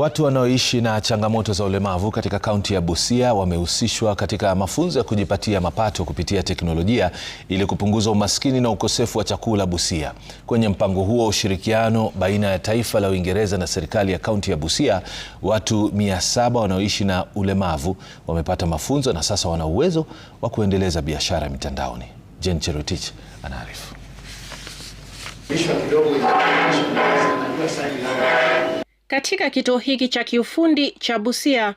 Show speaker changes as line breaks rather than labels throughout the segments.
Watu wanaoishi na changamoto za ulemavu katika kaunti ya Busia wamehusishwa katika mafunzo ya kujipatia mapato kupitia teknolojia ili kupunguza umaskini na ukosefu wa chakula Busia. Kwenye mpango huo wa ushirikiano baina ya taifa la Uingereza na serikali ya kaunti ya Busia, watu mia saba wanaoishi na ulemavu wamepata mafunzo na sasa wana uwezo wa kuendeleza biashara mitandaoni. Jen Cherotich anaarifu.
Katika kituo hiki cha kiufundi cha Busia,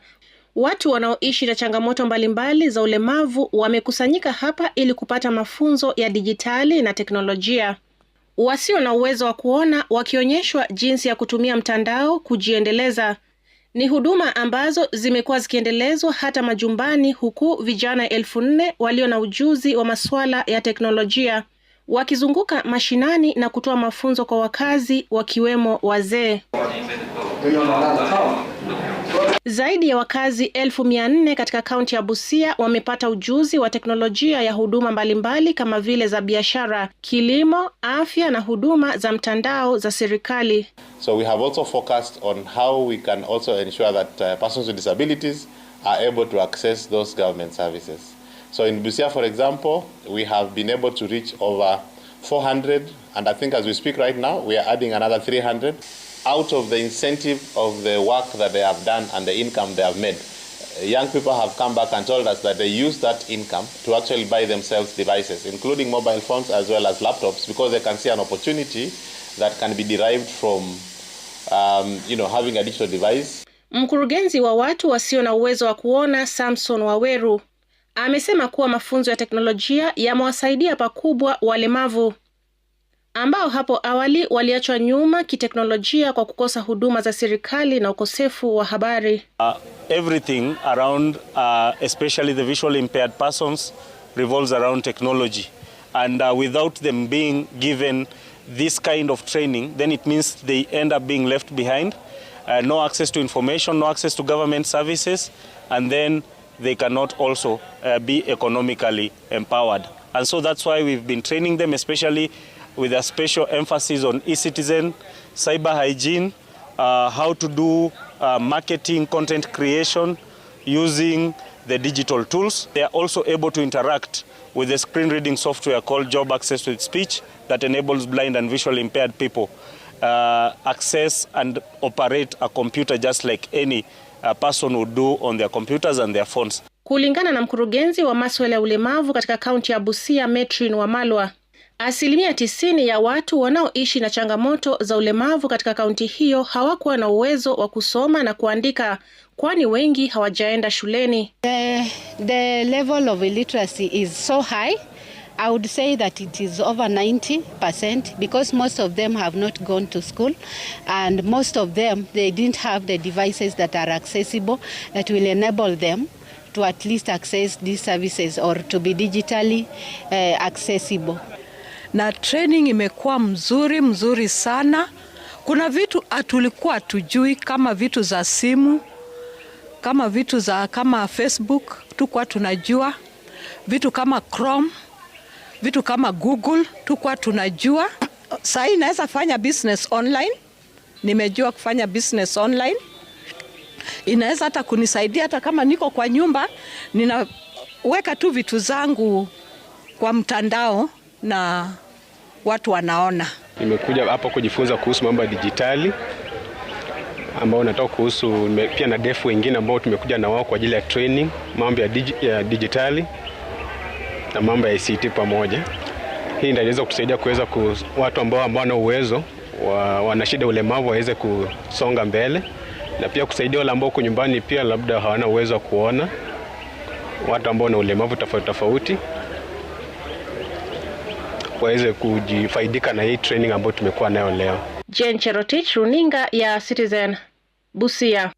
watu wanaoishi na changamoto mbalimbali za ulemavu wamekusanyika hapa ili kupata mafunzo ya dijitali na teknolojia. Wasio na uwezo wa kuona wakionyeshwa jinsi ya kutumia mtandao kujiendeleza. Ni huduma ambazo zimekuwa zikiendelezwa hata majumbani, huku vijana elfu nne walio na ujuzi wa masuala ya teknolojia wakizunguka mashinani na kutoa mafunzo kwa wakazi wakiwemo wazee. Zaidi ya wakazi elfu mia nne katika kaunti ya Busia wamepata ujuzi wa teknolojia ya huduma mbalimbali kama vile za biashara, kilimo, afya na huduma za mtandao za serikali.
So we have also focused on how we can also ensure that uh, persons with disabilities are able to access those government services. So in Busia for example, we have been able to reach over 400 and I think as we speak right now, we are adding another 300 out of the incentive of the work that they have done and the income they have made. Uh, young people have come back and told us that they use that income to actually buy themselves devices, including mobile phones as well as laptops, because they can see an opportunity that can be derived from um, you know, having a digital device.
Mkurugenzi wa watu wasio na uwezo wa kuona Samson Waweru amesema kuwa mafunzo ya teknolojia yamewasaidia pakubwa walemavu ambao hapo awali waliachwa nyuma kiteknolojia kwa kukosa huduma za serikali na ukosefu wa habari.
Uh, everything around uh, especially the visually impaired persons revolves around technology and uh, without them being given this kind of training then it means they end up being left behind uh, no access to information no access to government services and then they cannot also uh, be economically empowered and so that's why we've been training them especially with a special emphasis on e-citizen, cyber hygiene, uh, how to do uh, marketing, content creation using the digital tools. They are also able to interact with a screen reading software called Job Access with Speech that enables blind and visually impaired people uh, access and operate a computer just like any uh, person would do on their computers and their phones.
Kulingana na mkurugenzi wa masuala ya ulemavu katika kaunti ya Busia, Metrin Wamalwa, Asilimia tisini ya watu wanaoishi na changamoto za ulemavu katika kaunti hiyo hawakuwa na uwezo wa kusoma na kuandika, kwani wengi hawajaenda shuleni.
The, the level of illiteracy is so high. I would say that it is over 90% because most of them have not gone to school and most of them they didn't have the devices that are accessible that will enable them to at least access these services or to be digitally uh, accessible
na training imekuwa mzuri mzuri sana. Kuna vitu hatulikuwa ah, tujui kama vitu za simu, kama vitu za kama Facebook tukuwa tunajua, vitu kama Chrome, vitu kama Google tukuwa tunajua. Saa hii naweza fanya business online, nimejua kufanya business online inaweza hata kunisaidia hata kama niko kwa nyumba, ninaweka tu vitu zangu kwa mtandao na watu wanaona.
Nimekuja hapa kujifunza kuhusu mambo ya dijitali ambao natoka kuhusu pia na defu wengine ambao tumekuja na wao kwa ajili ya training mambo ya, digi, ya dijitali na mambo ya ICT pamoja. Hii inaweza kutusaidia kuweza ku, watu ambao ambao wana uwezo wa, wana shida ulemavu waweze kusonga mbele na pia kusaidia wale ambao nyumbani pia labda hawana uwezo wa kuona, watu ambao na ulemavu tofauti tofauti waweze kujifaidika na hii training ambayo tumekuwa nayo leo.
Jane Cherotich, runinga ya Citizen, Busia.